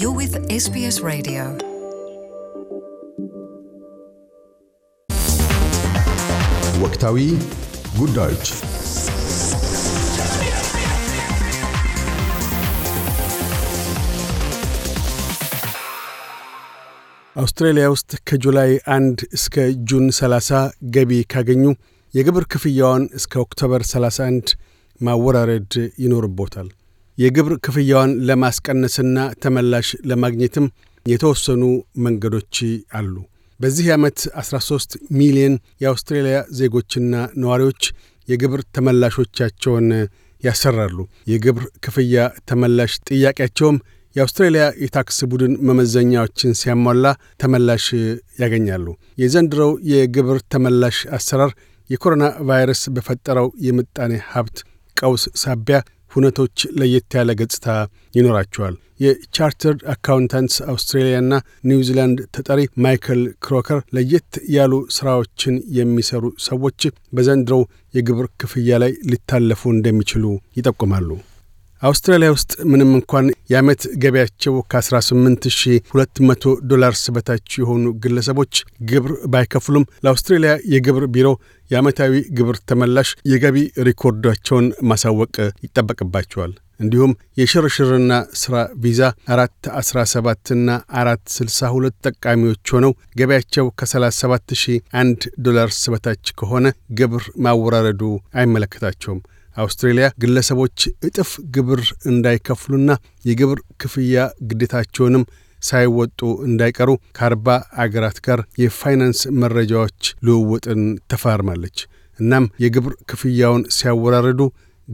You're with SBS Radio. ወቅታዊ ጉዳዮች አውስትራሊያ ውስጥ ከጁላይ አንድ እስከ ጁን 30 ገቢ ካገኙ የግብር ክፍያዋን እስከ ኦክቶበር 31 ማወራረድ ይኖርቦታል። የግብር ክፍያዋን ለማስቀነስና ተመላሽ ለማግኘትም የተወሰኑ መንገዶች አሉ። በዚህ ዓመት 13 ሚሊዮን የአውስትሬልያ ዜጎችና ነዋሪዎች የግብር ተመላሾቻቸውን ያሰራሉ። የግብር ክፍያ ተመላሽ ጥያቄያቸውም የአውስትሬልያ የታክስ ቡድን መመዘኛዎችን ሲያሟላ ተመላሽ ያገኛሉ። የዘንድሮው የግብር ተመላሽ አሰራር የኮሮና ቫይረስ በፈጠረው የምጣኔ ሀብት ቀውስ ሳቢያ ሁነቶች ለየት ያለ ገጽታ ይኖራቸዋል። የቻርተርድ አካውንታንትስ አውስትሬሊያና ኒውዚላንድ ተጠሪ ማይክል ክሮከር ለየት ያሉ ስራዎችን የሚሰሩ ሰዎች በዘንድሮው የግብር ክፍያ ላይ ሊታለፉ እንደሚችሉ ይጠቁማሉ። አውስትራሊያ ውስጥ ምንም እንኳን የዓመት ገቢያቸው ከ18200 ዶላርስ በታች የሆኑ ግለሰቦች ግብር ባይከፍሉም ለአውስትራሊያ የግብር ቢሮ የዓመታዊ ግብር ተመላሽ የገቢ ሪኮርዳቸውን ማሳወቅ ይጠበቅባቸዋል። እንዲሁም የሽርሽርና ሥራ ቪዛ አራት ና ሁለት ጠቃሚዎች ሆነው ገቢያቸው ከ አንድ ዶላርስ በታች ከሆነ ግብር ማወራረዱ አይመለከታቸውም። አውስትሬልያ ግለሰቦች እጥፍ ግብር እንዳይከፍሉና የግብር ክፍያ ግዴታቸውንም ሳይወጡ እንዳይቀሩ ከአርባ አገራት ጋር የፋይናንስ መረጃዎች ልውውጥን ተፈራርማለች። እናም የግብር ክፍያውን ሲያወራርዱ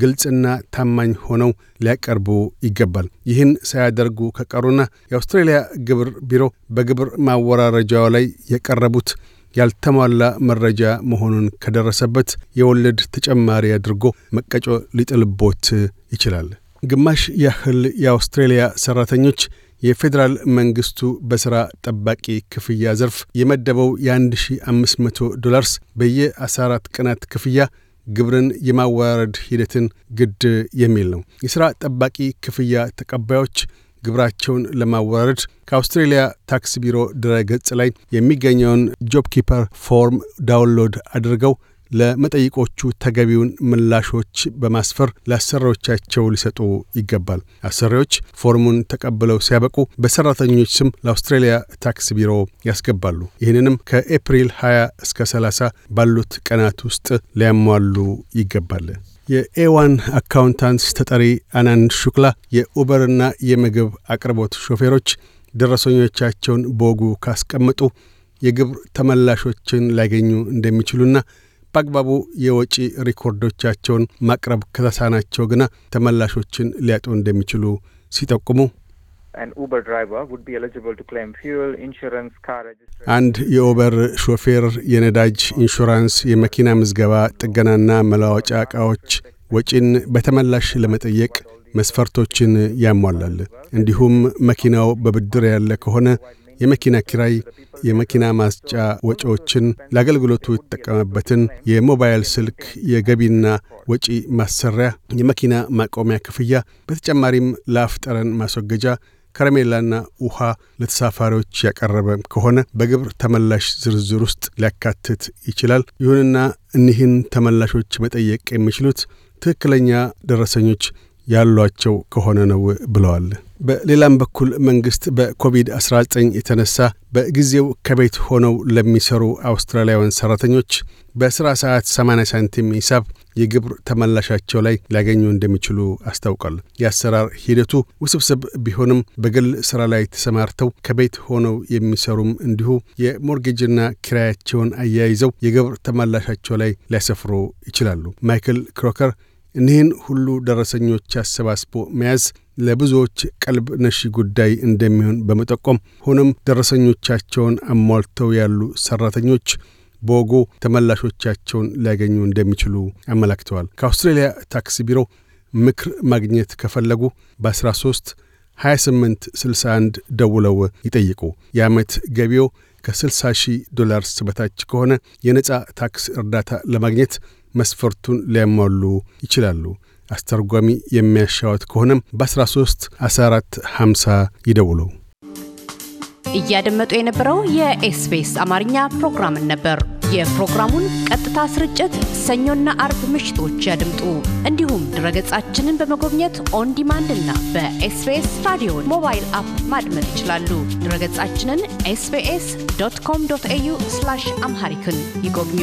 ግልጽና ታማኝ ሆነው ሊያቀርቡ ይገባል። ይህን ሳያደርጉ ከቀሩና የአውስትሬልያ ግብር ቢሮ በግብር ማወራረጃው ላይ የቀረቡት ያልተሟላ መረጃ መሆኑን ከደረሰበት የወለድ ተጨማሪ አድርጎ መቀጮ ሊጥልቦት ይችላል። ግማሽ ያህል የአውስትሬልያ ሠራተኞች የፌዴራል መንግሥቱ በሥራ ጠባቂ ክፍያ ዘርፍ የመደበው የ1500 ዶላርስ በየ14 ቀናት ክፍያ ግብርን የማዋረድ ሂደትን ግድ የሚል ነው። የሥራ ጠባቂ ክፍያ ተቀባዮች ግብራቸውን ለማወራረድ ከአውስትሬሊያ ታክስ ቢሮ ድረ ገጽ ላይ የሚገኘውን ጆብ ኪፐር ፎርም ዳውንሎድ አድርገው ለመጠይቆቹ ተገቢውን ምላሾች በማስፈር ለአሰሪዎቻቸው ሊሰጡ ይገባል። አሰሪዎች ፎርሙን ተቀብለው ሲያበቁ በሰራተኞች ስም ለአውስትሬሊያ ታክስ ቢሮ ያስገባሉ። ይህንንም ከኤፕሪል 20 እስከ 30 ባሉት ቀናት ውስጥ ሊያሟሉ ይገባል። የኤዋን አካውንታንስ ተጠሪ አናንድ ሹክላ የኡበርና የምግብ አቅርቦት ሾፌሮች ደረሰኞቻቸውን በወጉ ካስቀመጡ የግብር ተመላሾችን ላይገኙ እንደሚችሉና በአግባቡ የወጪ ሪኮርዶቻቸውን ማቅረብ ከተሳናቸው ግና ተመላሾችን ሊያጡ እንደሚችሉ ሲጠቁሙ አንድ የኦበር ሾፌር የነዳጅ ኢንሹራንስ፣ የመኪና ምዝገባ፣ ጥገናና መለዋወጫ ዕቃዎች ወጪን በተመላሽ ለመጠየቅ መስፈርቶችን ያሟላል። እንዲሁም መኪናው በብድር ያለ ከሆነ የመኪና ኪራይ፣ የመኪና ማስጫ ወጪዎችን፣ ለአገልግሎቱ የተጠቀመበትን የሞባይል ስልክ የገቢና ወጪ ማሰሪያ፣ የመኪና ማቆሚያ ክፍያ፣ በተጨማሪም ለአፍጠረን ጠረን ማስወገጃ ከረሜላና ውሃ ለተሳፋሪዎች ያቀረበ ከሆነ በግብር ተመላሽ ዝርዝር ውስጥ ሊያካትት ይችላል። ይሁንና እኒህን ተመላሾች መጠየቅ የሚችሉት ትክክለኛ ደረሰኞች ያሏቸው ከሆነ ነው ብለዋል። በሌላም በኩል መንግስት በኮቪድ-19 የተነሳ በጊዜው ከቤት ሆነው ለሚሰሩ አውስትራሊያውያን ሰራተኞች በሥራ ሰዓት 80 ሳንቲም ሂሳብ የግብር ተመላሻቸው ላይ ሊያገኙ እንደሚችሉ አስታውቋል። የአሰራር ሂደቱ ውስብስብ ቢሆንም በግል ሥራ ላይ ተሰማርተው ከቤት ሆነው የሚሰሩም እንዲሁ የሞርጌጅና ኪራያቸውን አያይዘው የግብር ተመላሻቸው ላይ ሊያሰፍሩ ይችላሉ። ማይክል ክሮከር እኒህን ሁሉ ደረሰኞች አሰባስቦ መያዝ ለብዙዎች ቀልብ ነሺ ጉዳይ እንደሚሆን በመጠቆም ሆኖም ደረሰኞቻቸውን አሟልተው ያሉ ሰራተኞች በወጎ ተመላሾቻቸውን ሊያገኙ እንደሚችሉ አመላክተዋል። ከአውስትሬልያ ታክስ ቢሮ ምክር ማግኘት ከፈለጉ በ13 28 61 ደውለው ይጠይቁ። የዓመት ገቢው ከ60 ሺህ ዶላርስ በታች ከሆነ የነፃ ታክስ እርዳታ ለማግኘት መስፈርቱን ሊያሟሉ ይችላሉ። አስተርጓሚ የሚያሻወት ከሆነም በ13 14 50 ይደውሉ። እያደመጡ የነበረው የኤስቢኤስ አማርኛ ፕሮግራምን ነበር። የፕሮግራሙን ቀጥታ ስርጭት ሰኞና አርብ ምሽቶች ያድምጡ። እንዲሁም ድረገጻችንን በመጎብኘት ኦን ዲማንድ እና በኤስቢኤስ ራዲዮን ሞባይል አፕ ማድመጥ ይችላሉ። ድረገጻችንን ኤስቢኤስ ዶት ኮም ዶት ኤዩ አምሃሪክን ይጎብኙ።